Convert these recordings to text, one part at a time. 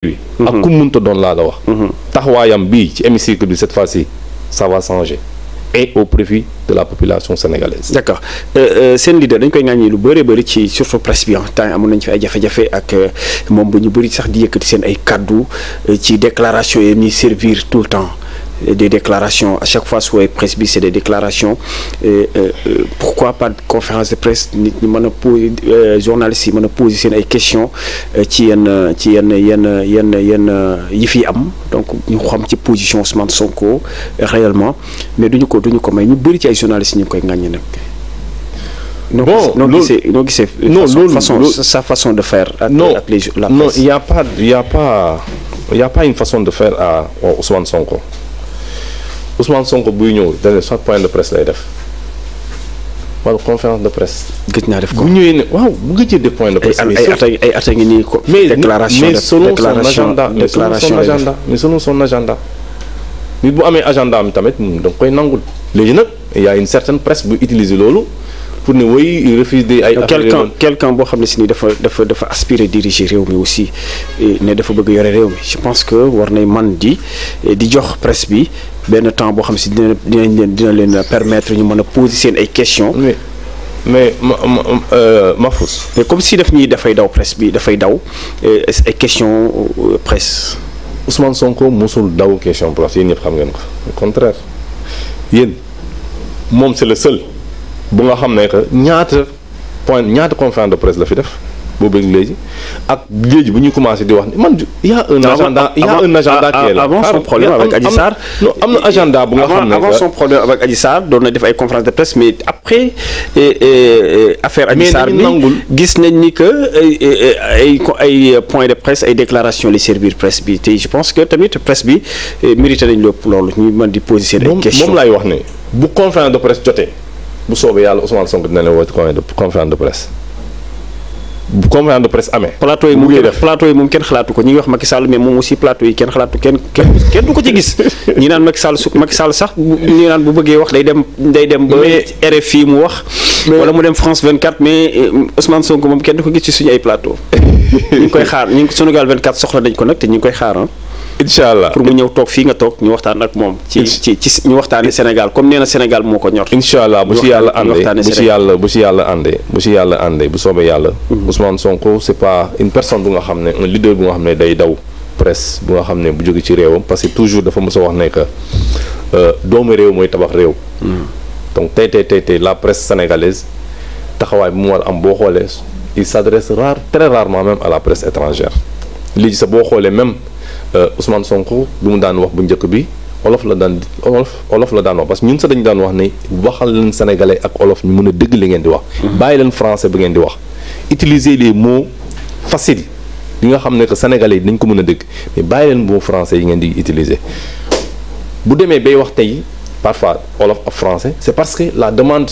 ak mhm. ku mënta doon laa la wax mhm. taxawaayam bii ci hémicycle bi cette fois-ci ça va changer et au profit de la population sénégalaise. d'accord euh, euh, seen leader dañ koy ŋàññi lu bëree bëri ci surtout presse bi ah, temps yi amoon nañ fi ay jafe-jafe ak euh, moom bu ñu bëri sax di yëkkati seen ay kàddu ci déclaration yi ñuy servir tout le temps des déclaration à chaque fois su woowee presse bi c'est des déclarations et, euh, euh, pourquoi pas conférence de presse nit ñi mën a poser euh, journalistes yi mën a poser seen ay question ci yenn ci yenn yenn yenn yenn yi fi am donc ñu xam ci position Ousmane Sonko réellement mais duñu ko duñu ko may ñu bëri ci ay journalistes ñu ngi koy ŋàññi nag. bon noo gisee noo gisee non loolu façon sa façon de faire. ak ak les la presse non il a pas il y a pas une façon de faire à son Sonko. Ousmane Sonko buy ñëw dana chaque point de presse lay def wala conférence de presse. gëj naa def ko bu ñëwee ne waaw bu gëjee def point de presse. ay ay at ay at a ngi nii mais son agenda mais selon son agenda mais selon son agenda. nit bu amee agenda am tamit da nga koy nangul léegi nag y a une certaine presse bu utiliser loolu. pour ne oui il refuse des ay quelqu'un quelqu'un boo xam ne si ni dafa dafa dafa aspirer diriger réew mi aussi ne dafa bëgg yore réew mi je pense que war nay man di eh, di jox presse bi benn temps boo xam si dina dinañ leen dina leen ñu mën a poser seen ay questions mais ma ma euh, Mahfouz mais comme si daf ñuy dafay daw presse bi dafay daw eh, ay question euh, presse Ousmane Sonko mosul daw question presse yéen ñëpp xam ngeen ko au contraire yéen moom c'est le seul bu nga xam ne que ñaata point ñaata conférence de presse la fi def boobu ak léegi ak léegi bu ñuy commencé di wax man y' a un agenda a un agenda avant son problème avec Adji Sarr am na agenda bu nga xam ne avant son problème avec Adji Sarr doon na def ay conférence de presse mais après affaire Adji Sarr bi gis nañ ni que ay ay point de presse ay déclaration li servir presse bi te je pense que tamit presse bi eh, mérité nañ lépp loolu ñu mën di poser seen moom laay wax ne bu conférence de presse jotee bu soobee yàlla Ousmane Sonko dina leen woote conférence de presse bu de presse amee. plateau yi moom plateau yi moom kenn xalaatu ko ñi ngi wax Macky Sall mais moom aussi plateau yi kenn xalaatu kenn kenn du ko ci gis ñi naan Macky Sall su Macky Sall sax ñi naan bu bëggee wax day dem day dem ba fii mu wax. wala mu dem France 24 mais euh, Ousmane Sonko moom kenn du ko gis ci suñu ay plateau. ñu ngi koy xaar ñu ngi Sénégal 24 soxla nañ ko nag te ñu ngi koy xaar ah. incha allah pour mu ñëw toog fii nga toog ñu waxtaan ak moom. ci ci ci ñu waxtaanee Sénégal comme nee na Sénégal moo ko ñor. incha allah bu si yàlla àndee bu si yàlla bu si yàlla àndee bu soobee yàlla. Mhm. Ousmane Sonko c'est pas une personne bu nga xam ne un leader bu nga xam ne day daw presse bu nga xam ne bu jóge ci réewam parce que toujours dafa mos wax ne que euh, doomu réew mooy tabax réew. Mhm. donc tey tey tey tey la presse sénégalaise taxawaay bu mu war am boo xoolee il s'adresse rare très rarement même à Euh, Ousmane Sonko lu mu daan wax bu njëkk bi olof la daan olof olof la daan wax parce que ñun sax dañu daan wax ni waxal leen sénégalais ak olof ñu mën a dégg li ngeen di wax. Mhm. bàyyi leen français bi ngeen di wax utiliser les mots faciles yi nga xam ne que sénégalais yi dañ ko mën a dégg mais bàyyi leen yi ngeen di utiliser bu demee bay wax tey parfois olof ak français c'est parce que la demande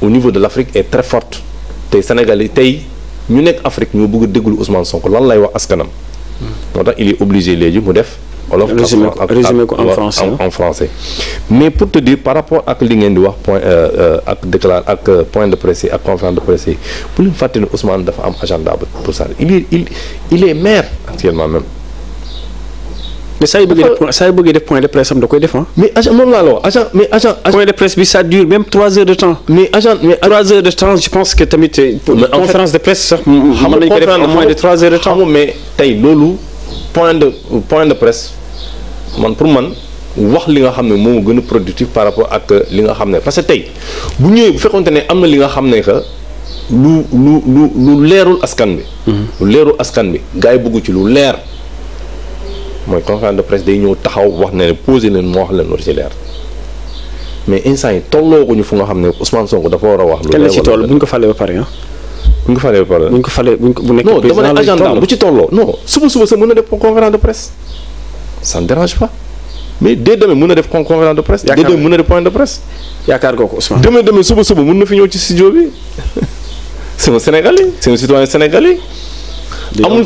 au niveau de l'Afrique et très forte tey sénégalais tey ñu nekk Afrique ñoo bëgg a déglu Ousmane Sonko lan lay wax askanam. moo tax il est obligé léegi mu def. wolof ak résumé ko en français en français. mais pour te dire par rapport ak li ngeen di wax point euh, euh, ak déclare ak euh, point de presse ak conférence de presse yi bu leen fàtte ne Ousmane dafa am agenda pour ça il est il il est maire actuellement même. mais saa yu bëggee def point saa yu bëggee def point de presse am da koy def ah. mais agent moom laa la wax agent mais agent. point de presse bi ça dure même trois heures de temps. mais agent tey loolu point de point de presse man pour man. wax li nga xam ne moom gën a productif par rapport ak li nga xam ne parce que tey bu ñëwee bu fekkonte ne am na li nga xam ne que lu lu lu leerul askan bi. lu leerul askan bi mhm. gaa yi bëgg ci lu leer. mooy conférence de presse day ñëw taxaw wax ne posé leen moo wax leen ci leer mais instant yi tolloo ko ñu fu nga xam ne Ousmane Sonko dafa war a wax. lu leer bu ñu ko falee ba pare ah. bu ñu ko falee ba pare bu ñu ko falee bu ñu ko bu nekkee président non dama ne agenda mën na def conférence de presse ça ne dérange pas mais dès demain mën na def conférence de presse. yaakaar dès demain mën na kooku Ousmane. demain demain suba suba mën na fi ñëw ci studio bi c'est un Sénégalais c'est un citoyen sénégalais amul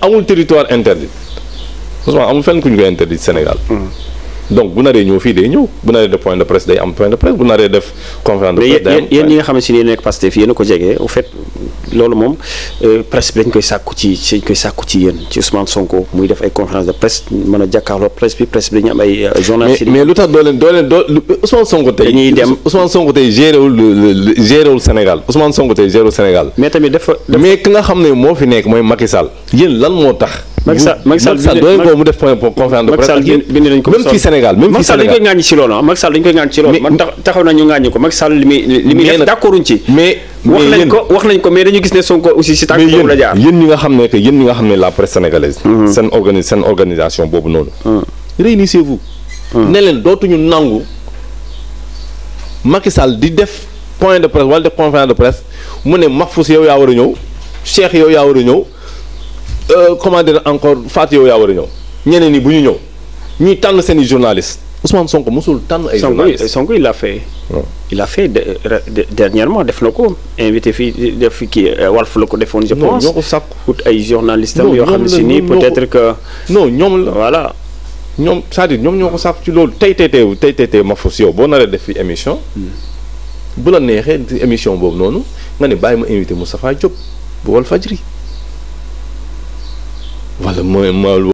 amul territoire interdit. Ousmane amul fenn ku ñu koy interdit Sénégal. Hmm. donc bu naree ñëw fii day ñëw bu naree def point de presse day am point de presse bu naree def nga xam ne si ne nekk Pastef yéen a ko jege au fait loolu moom euh, presse dañ koy sàkku ci dañ koy sàkku ci ci Ousmane Sonko muy def ay conférence de presse mën a jàkkaarloo presse bi presse bi dañu am ay euh, journalistes mais lu tax doo leen doo leen doo Ousmane Sonko tey dañuy dem Ousmane Sonko tey géréwul géréwul Sénégal Ousmane Sonko tey géréwul Sénégal mais tamit dafa mais ki nga xam ne moo fi nekk mooy Macky Sall yéen lan moo tax Macky Sall Macky Sall doy ko mu def point conférence de presse ak yéen bind nañ ko même fii Sénégal même fii Sénégal Macky Sall dañ koy ŋàññi ci loolu ah Macky Sall dañ koy ŋàññi ci loolu man taxaw nañu ŋàññi ko Macky Sall li muy li muy def d'accorduñ ci mais wax nañ ko wax nañ ko mais dañu gis ne Sonko aussi ci tànk boobu la jaar yéen ñi nga xam ne que yéen ñi nga xam ne la presse sénégalaise mm-hmm. seen organi seen organisation boobu noonu mm. réunissez-vous mm. ne leen dootuñu nangu Macky Sall di def point de presse wala def conférence de presse mu ne Mahfous yow yaa war a ñëw Cheikh yow yaa war a ñëw Euh, comment dire encore Fatou yow yaa war a ñëw ñeneen ñi bu ñu ñëw ñuy tànn seen i journaliste Ousmane Sonko mosul tànn ay journaliste Sonko il a fait il a fait dernièrement def na ko invité fii def fi kii euh, Walf la ko defoon je pense ñoo ko sàkku ut ay yoo xam ne si nii peut-être que non ñoom la ñoom cest ñoom ñoo ko sàkku ci loolu tey tey tey tey ma fos yow boo naree def fi émission hmm. bu la neexee émission boobu noonu nga ne bàyyi ma invité Moustapha Diop bu Walfadjri wala mooy ma